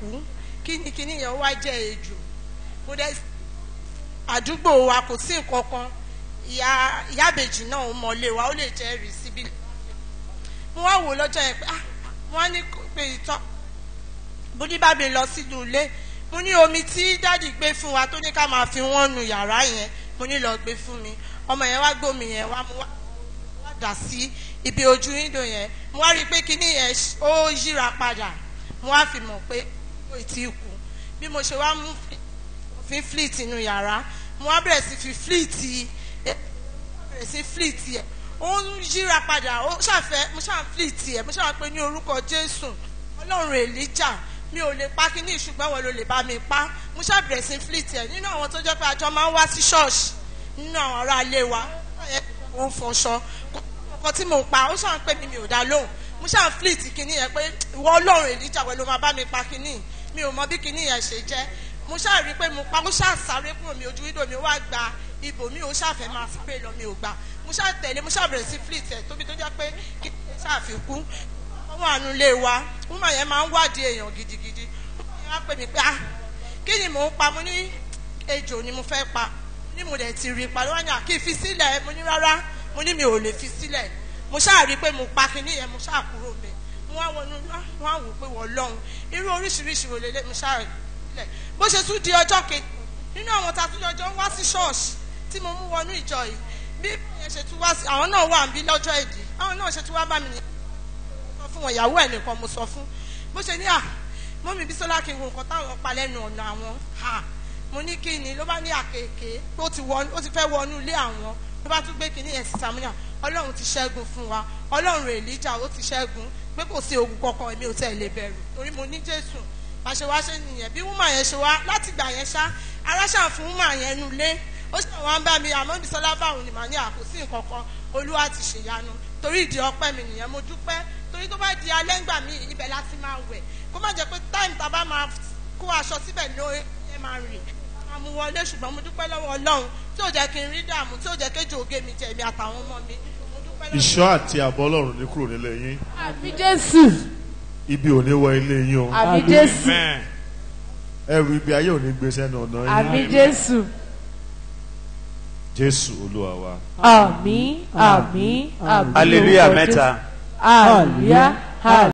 kú kíni kíni yẹn wá jẹ ejò kò dẹ àdúgbò wa kò sí nǹkan kan ìyá ìyábèjì náà ó mọlé wa ó lè jẹ rí síbi mo wá wò lọ́jọ́ yẹn pé ah wọ́n á ní pé ìtọ́ bó ní bá mi lọ sínú ilé mo ní omi tí dáàdì gbé fún wa tó ní ká máa fi wọ́n nu yàrá yẹn mo ní lọ gbé fún mi ọmọ yẹn wá gbómi yẹn wá mo wá dà sí ibi ojú yíndò yẹn mo wá rí i pé kíní yẹn ó yíra padà mo wá fi mọ̀ pé kò tí ì kú bí mo ṣe wá mú fi fleet inú yàrá mo wá bẹ̀rẹ̀ sí fi fleet bẹ̀rẹ̀ sí fleet ẹ̀ ó ń yíra padà ó ṣàfẹ́ mo ṣàn fleet ẹ̀ mo ṣàn pé ní orúkọ Jésù Ọlọ́run Èlíjà mi ò lè pa kíní ṣùgbọ́n wọn ló lè bá mi pa mo ṣàbẹ̀rẹ̀ sí fleet ẹ̀ nínú àwọn tó jẹ́ pé àjọ máa ń wá sí ṣọ́ọ̀ṣì nínú àwọn ará ilé wa ó ń fọṣọ ọkọ tí mò pa ó ṣàn pé mi ò dá lóhùn mo ṣàn fleet kíní yẹn pé ìwọ Ọlọ́run Èlíjà wọn ló máa bá mi pa kíní mi ò mọ bí kinní yẹn ṣe jẹ́ mo ṣáà rí i pé mo pa ó ṣáà sáré kúrò mi ojú wíńdò mi wá gba ibò mi ò ṣáà fẹ́ máa spray e lọ mi ò gbà mo ṣáà tẹ̀lé mo ṣáà bẹ̀rẹ̀ sí flit ẹ̀ tóbi tó jẹ́ pé kí ni ṣáà fi kú ọmọ àánú lè wa wúmọ̀ yẹn máa ń wádìí èèyàn gidigidi wọ́n á pè mí pé ah kí ni mò ń pa mo ní ejò ni mo fẹ́ pa ní mo dẹ̀ ti rí i parí wọ́n ní àkí ah, fi sílẹ̀ mo ní rárá mo ní mi ò lè fi sílẹ̀ mo ṣáà rí i pé mo pa kinní yẹn mo ṣáà kúrò wọn á wọnú wọn á wò pé wọ́n lọ́hùn irú oríṣiríṣi wò lélẹ́ mi sáré lẹ̀ bó ṣe tún di ọjọ́ kejì nínú àwọn tatúndọ̀jọ́ wá sí ṣọ́ọ̀ṣì tí mo mú wọnú ìjọ yìí bí ẹ ṣe tún wá sí àwọn náà wà níbí lọ́jọ́ èdè àwọn náà ṣe tún wá bá mi nìyẹn sọ fún wọn ìyàwó ẹ̀ nìkan mo sọ fún bó ṣe ní à mọ́mí bísọ́lá kí n wo nǹkan táwọn pa lẹ́nu ọ̀nà àwọn mo ní kí ni ló bá ní àkèké ó ti fẹ́ wọnú ilé àwọn ló bá tún gbé kínní ẹ̀ sí sàmúnà ọlọ́run ti ṣẹ́gun fún wa ọlọ́run èlíjà ó ti ṣẹ́gun pé kò sí ogun kankan èmi ò tẹ̀ lè bẹ̀rù torí mo ní jésù àṣẹ wa ṣe nìyẹn bí wúmà yẹn ṣe wá láti gbà yẹn ṣá ara ṣà fún wúmà yẹn nu lé ó ṣe wọn bá mi àmọ́ ibi sọlá báwọn ni màá ní àkóso nǹkan kan olúwa ti ṣèyanu torí ìdí ọpẹ́ mi nìyẹn mo dúpẹ́ torí tó bá di alẹ́ ńgbà mí ibẹ̀ láti máa wẹ̀ kó má jẹ́ pé táìmù tá a bá máa kó aṣọ síbẹ̀ ló ẹ máa rìn máa ṣùgbọ́n mo dúpẹ́ lọ́wọ́ ọlọ́run tí ò jẹ́ kí n rí dààmú tí ò jẹ́ kéjò ògé mi jẹ̀mí àtàwọn ọmọ mi. ìṣọ́ àti àbọ̀ ní kúrò nílé yín. àbí jésù. ibi ò ní wọ ilé yín o. àbí jésù. ẹrù ibi ayé ò ní gbé sẹ́nu ọ̀nà yín. àbí jésù. jésù olúwa wa. àmín àmín àmín. aleluya mẹ́ta. aleluya.